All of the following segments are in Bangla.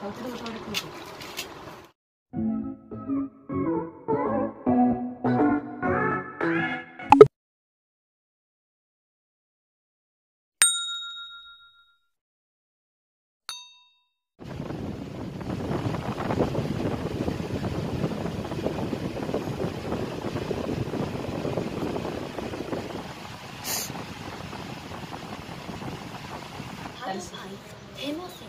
テーマ線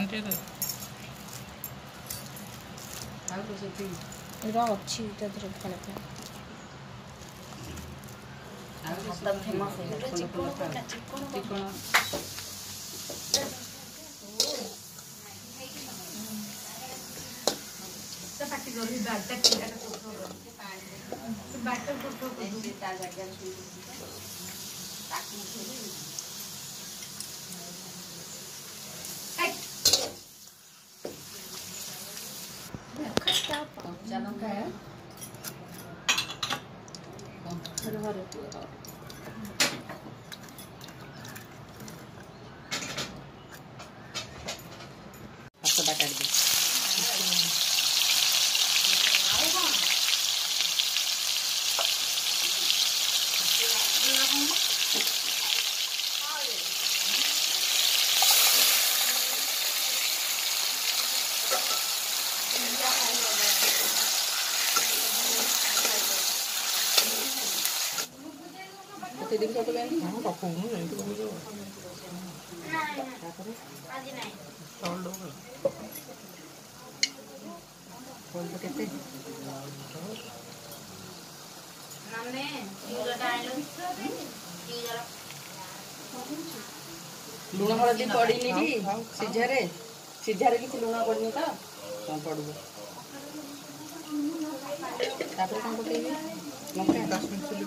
반대로 알고 싶은 이런 어치 유자들은 발라봐 답답 대마세요. 찍고는 거냐 찍고는 거냐. 딱히 저리 발딱 기다려 줬어. 그 발딱 줬어. 그 따자게 줬어. 딱히 저리. 짜놓을까요? 어, 네. 하루하루 뜯어. প্রতিদিন কত ব্যাংক আমি কখনো নেই তো বুঝো হ্যাঁ, তারপরে চল লুণ হলদি পড়িনি কি সিঝারে সিঝারে কিছু লুণ পড়িনি তো কম পড়ব তারপরে কম পকাইবি লঙ্কা কাশ্মীর চিলি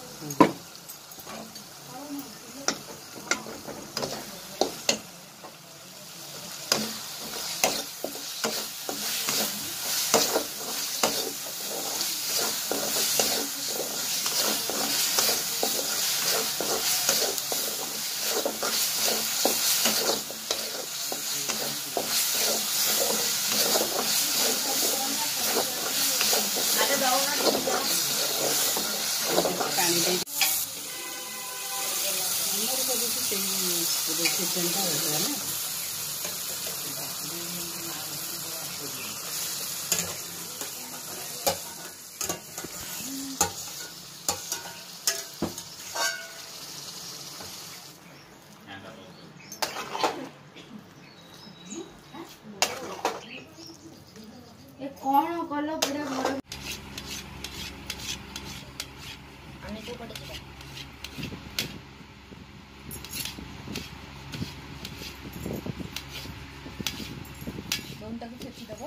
嗯。চিকেনটা হয়ে গেলে କ'ଣ କଲ ପୁରା ଭଲ আলু ফেটে দেবো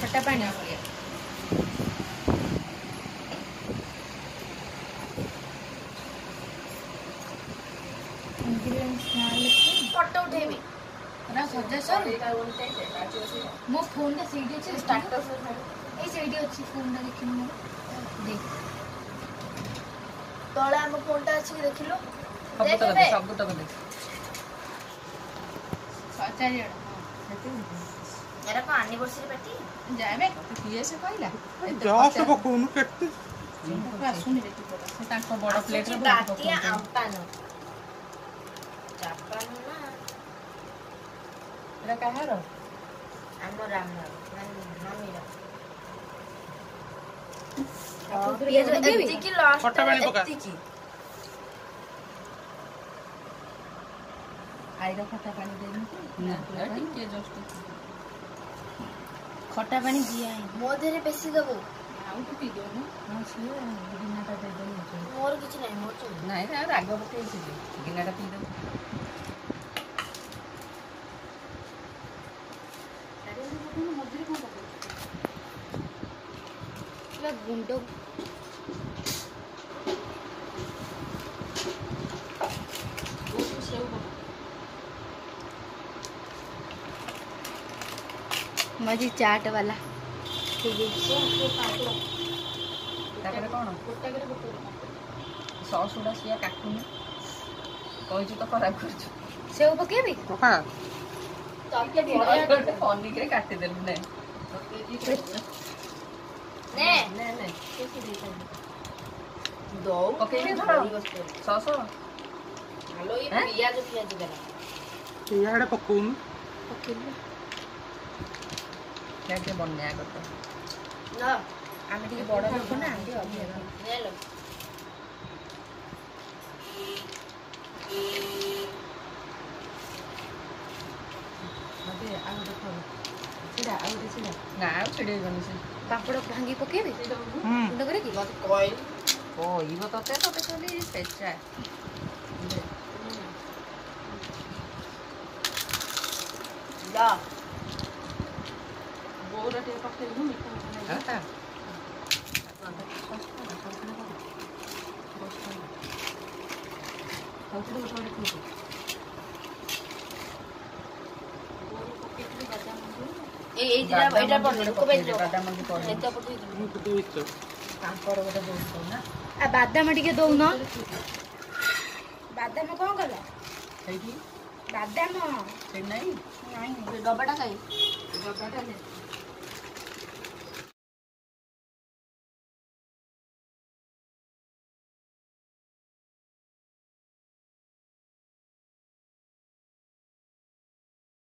খটা পানি ମୋ ଫୋନ୍ଟା ସେଇଠି ଅଛି ଷ୍ଟାଟସ୍ ଏଇ ସେଇଠି ଅଛି ଫୋନ୍ଟା ଦେଖିଲୁ ମୋର ଦେଖ ତଳେ ଆମ ଫୋନ୍ଟା ଅଛି ଦେଖିଲୁ ସବୁତକ ଦେଖ କଣ ଆନିଭର୍ସରୀ ପାର୍ଟି ଯାଏବେ କିଏ ସେ କହିଲା ଜଷ୍ଟ ପକଉନୁ ତାଙ୍କ ବଡ଼ ପ୍ଲେଟ୍ରେ ରାଗ କାହାର ଆମ ରାମ ଖଟା ପାଣି ଜଷ୍ଟ ଖଟା ପାଣି ଦିଆ ମୋ ଦେହରେ ବେଶୀ ଦବୁ ଆଉ ଟିକେ ଦେବୁ ହଁ ସିଏ ମୋର କିଛି ନାହିଁ ମୋର ନାହିଁ ରାଗ ପକେଇଛି ଗିନାଟା ପିଇଦେବୁ ମଝିରେ କ'ଣ ପକାଉଛି ପୁରା ଗୁଣ୍ଡ मजी चाट वाला ତାପରେ କ'ଣ ସସ୍ ଗୁଡ଼ା ସିଏ କାଟୁନି କହିଛୁ ତ ଖରାପ କରୁଛୁ ସେଉ ପକେଇବି ହଁ ପନିକିରେ କାଟିଦେଲୁ ନେ ଇଆଡ଼େ ପକଉନୁ ଟିକେ ବନ୍ୟା କଥା ଆମେ ଟିକେ ବଡ଼ ଲୋକ ନା ଟିକେ ଅଧିକ ସେ ଆଳୁ ଦେଖ ସେଟା ଆଳୁରେ ସେଟା ନା ଆଉ ଛିଡ଼େଇବନି ସେ ପାମ୍ପଡ଼ ଭାଙ୍ଗି ପକେଇବି ଗୁଣ୍ଡ କରିକି ମୋତେ କହିଲି କହିବ ତତେ ତତେ କହିଲି ପେଚା ବୋଉର ଟିକେ ପକେଇବୁ ମିଠା ହଉ ସେଠି ଗୋଟେ ଗୋଟେ ବାଦାମ ଟିକେ ଦଉନ ବାଦାମ କଣ କଲ ବାଦାମ ନାଇଁ ଡବାଟା କାଇଁ ଡବାଟା